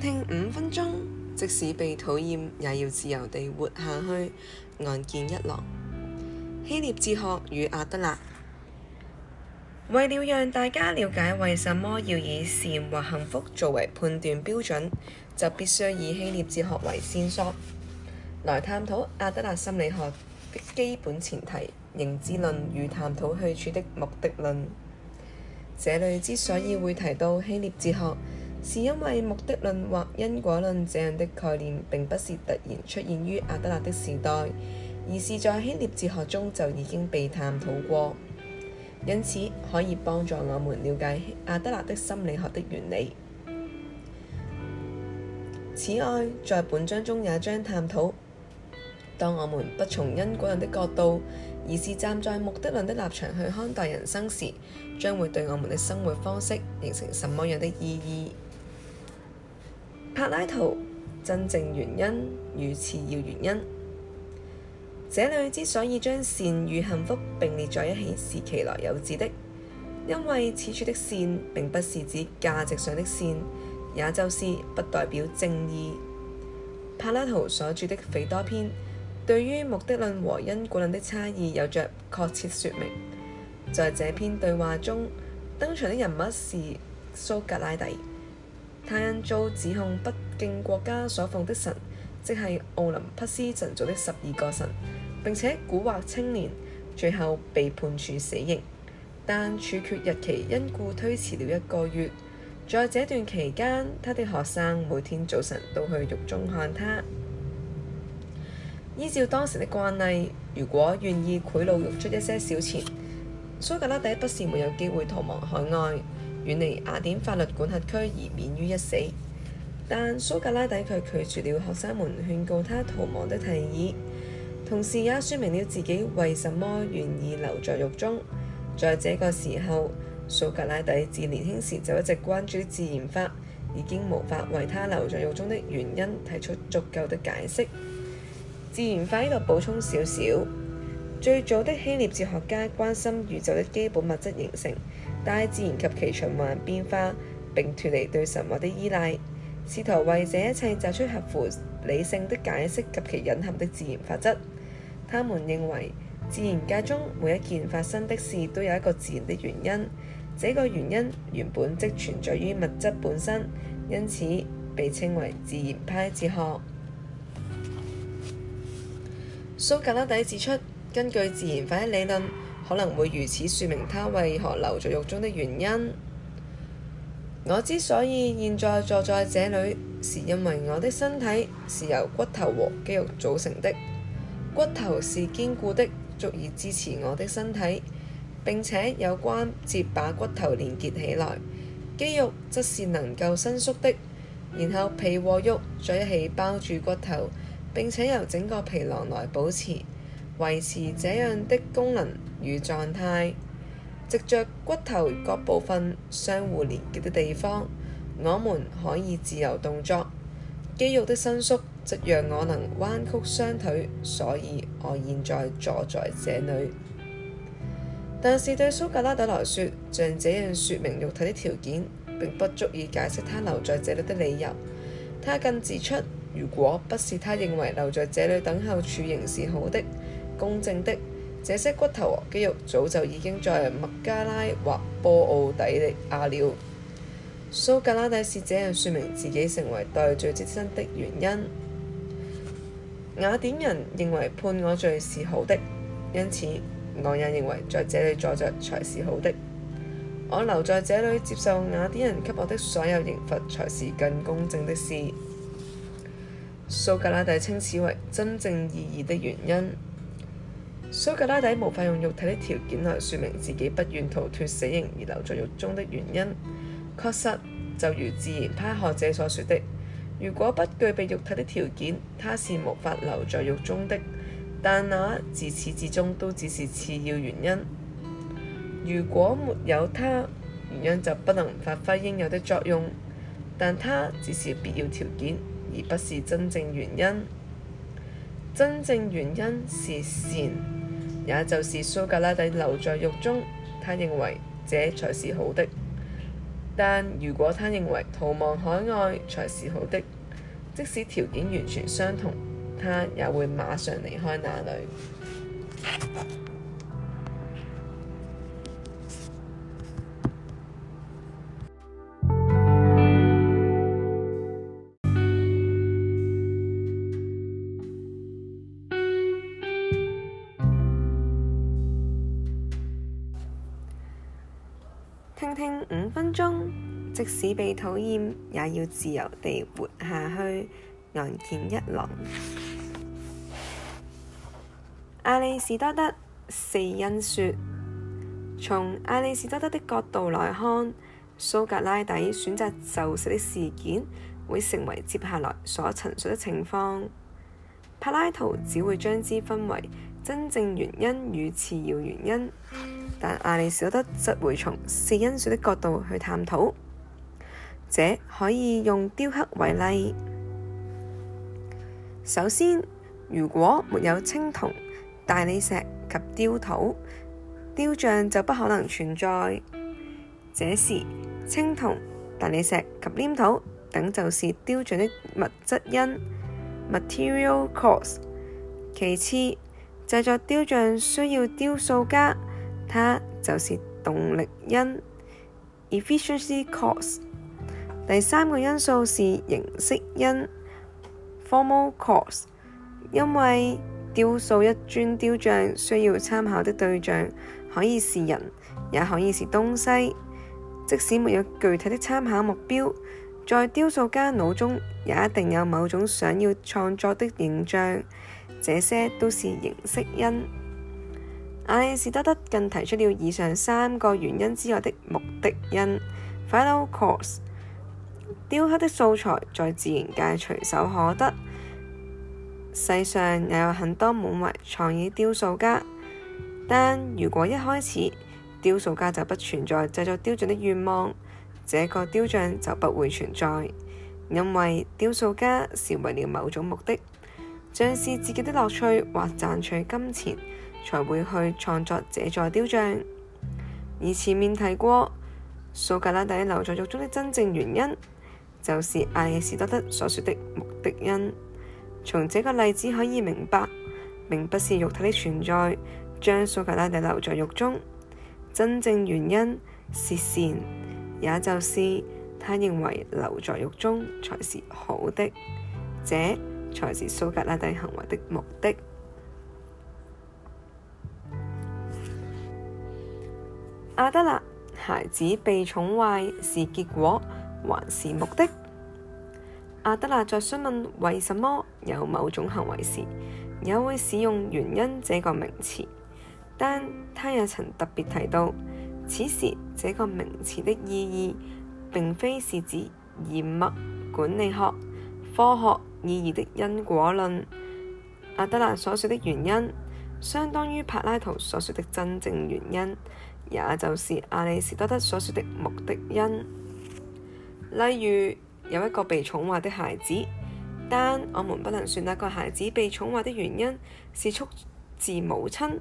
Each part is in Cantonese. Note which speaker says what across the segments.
Speaker 1: 聽五分鐘，即使被討厭，也要自由地活下去。岸見一郎，希臘哲學與阿德勒。為了讓大家了解為什麼要以善或幸福作為判斷標準，就必須以希臘哲學為線索，來探討阿德勒心理學的基本前提——認知論與探討去處的目的論。這裏之所以會提到希臘哲學，是因為目的論或因果論這樣的概念並不是突然出現於阿德勒的時代，而是在希臘哲學中就已經被探討過，因此可以幫助我們了解阿德勒的心理學的原理。此外，在本章中也將探討，當我們不從因果論的角度，而是站在目的論的立場去看待人生時，將會對我們的生活方式形成什麼樣的意義。柏拉圖真正原因與次要原因，這裡之所以將善與幸福並列在一起是其來有自的，因為此處的善並不是指價值上的善，也就是不代表正義。柏拉圖所著的《斐多篇》對於目的論和因果論的差異有着確切説明，在這篇對話中登場的人物是蘇格拉底。泰恩遭指控不敬國家所奉的神，即係奧林匹斯神族的十二個神，並且蠱惑青年，最後被判處死刑。但處決日期因故推遲了一個月，在這段期間，他的學生每天早晨都去獄中看他。依照當時的慣例，如果願意賄賂獄卒一些小錢，蘇格拉底不是沒有機會逃亡海外。遠離雅典法律管轄區而免於一死，但蘇格拉底卻拒絕了學生們勸告他逃亡的提議，同時也說明了自己為什麼願意留在獄中。在這個時候，蘇格拉底自年輕時就一直關注自然法，已經無法為他留在獄中的原因提出足夠的解釋。自然法呢度補充少少，最早的希臘哲學家關心宇宙的基本物質形成。大自然及其循環變化，並脫離對神話的依賴，試圖為這一切找出合乎理性的解釋及其隱含的自然法則。他們認為自然界中每一件發生的事都有一個自然的原因，這個原因原本即存在於物質本身，因此被稱為自然派哲學。蘇格拉底指出，根據自然法理論。可能會如此説明他為何留在肉中的原因。我之所以現在坐在這裡，是因為我的身體是由骨頭和肌肉組成的。骨頭是堅固的，足以支持我的身體。並且有關節把骨頭連結起來。肌肉則是能夠伸縮的，然後皮和肉在一起包住骨頭。並且由整個皮囊來保持。維持這樣的功能與狀態，藉着骨頭各部分相互連結的地方，我們可以自由動作。肌肉的伸縮則讓我能彎曲雙腿，所以我現在坐在這裡。但是對蘇格拉底來說，像這樣說明肉體的條件並不足以解釋他留在這裡的理由。他更指出，如果不是他認為留在這裡等候處刑是好的，公正的，這些骨頭和肌肉早就已經在麥加拉或波奧底利亞了。蘇格拉底是這樣說明自己成為代罪之身的原因。雅典人認為判我罪是好的，因此我也認為在這裡坐着才是好的。我留在這裡接受雅典人給我的所有刑罰才是更公正的事。蘇格拉底稱此為真正意義的原因。蘇格拉底無法用肉體的條件來說明自己不願逃脫死刑而留在獄中的原因。確實，就如自然派學者所說的，如果不具備肉體的條件，他是無法留在獄中的。但那自始至終都只是次要原因。如果沒有他，原因就不能發揮應有的作用。但他只是必要條件，而不是真正原因。真正原因是善。也就是蘇格拉底留在獄中，他認為這才是好的；但如果他認為逃亡海外才是好的，即使條件完全相同，他也會馬上離開那裏。聽五分鐘，即使被討厭，也要自由地活下去。岸見一郎，阿里士多德四因說，從阿里士多德的角度來看，蘇格拉底選擇就死的事件會成為接下來所陳述的情況。柏拉圖只會將之分為真正原因與次要原因。但亞里士多德則會從四因素的角度去探討，這可以用雕刻為例。首先，如果沒有青銅、大理石及黏土，雕像就不可能存在。這是青銅、大理石及黏土等就是雕像的物質因 （material cause）。其次，製作雕像需要雕塑家。它就是動力因 （efficiency cause）。第三個因素是形式因 （formal cause）。因為雕塑一尊雕像需要參考的對象可以是人，也可以是東西。即使沒有具體的參考目標，在雕塑家腦中也一定有某種想要創作的形象，這些都是形式因。艾士多德更提出了以上三個原因之外的目的因 （final c o u r s e 雕刻的素材在自然界隨手可得，世上也有很多滿懷創意雕塑家。但如果一開始雕塑家就不存在製作雕像的願望，這個雕像就不會存在，因為雕塑家是為了某種目的，像是自己的樂趣或賺取金錢。才會去創作這座雕像。而前面提過蘇格拉底留在獄中的真正原因，就是亞里士多德所說的目的因。從這個例子可以明白，並不是肉體的存在將蘇格拉底留在獄中，真正原因是善，也就是他認為留在獄中才是好的，這才是蘇格拉底行為的目的。阿德勒孩子被寵壞是結果還是目的？阿德勒在詢問為什麼有某種行為時，也會使用原因這個名詞，但他也曾特別提到，此時這個名詞的意義，並非是指嚴密管理學科學意義的因果論。阿德勒所說的“原因”，相當於柏拉圖所說的真正原因。也就是亞里士多德所說的目的因，例如有一個被寵壞的孩子，但我們不能說那個孩子被寵壞的原因是出自母親。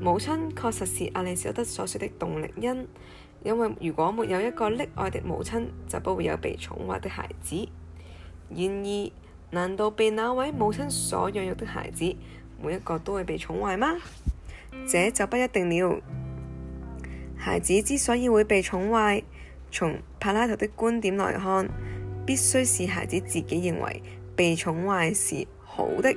Speaker 1: 母親確實是亞里士多德所說的動力因，因為如果沒有一個溺愛的母親，就不會有被寵壞的孩子。然而，難道被那位母親所養育的孩子每一個都會被寵壞嗎？這就不一定了。孩子之所以會被寵壞，從柏拉圖的觀點來看，必須是孩子自己認為被寵壞是好的，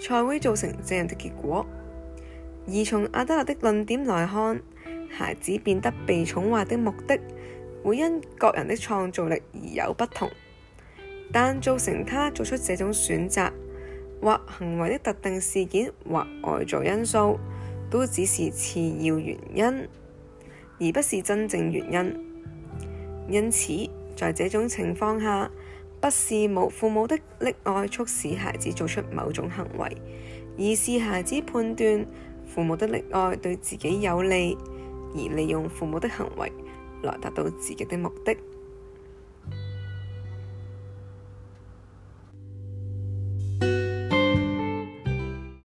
Speaker 1: 才會造成這樣的結果。而從阿德勒的論點來看，孩子變得被寵壞的目的會因各人的創造力而有不同，但造成他做出這種選擇或行為的特定事件或外在因素，都只是次要原因。而不是真正原因，因此，在這種情況下，不是母父母的溺愛促使孩子做出某種行為，而是孩子判斷父母的溺愛對自己有利，而利用父母的行為來達到自己的目的。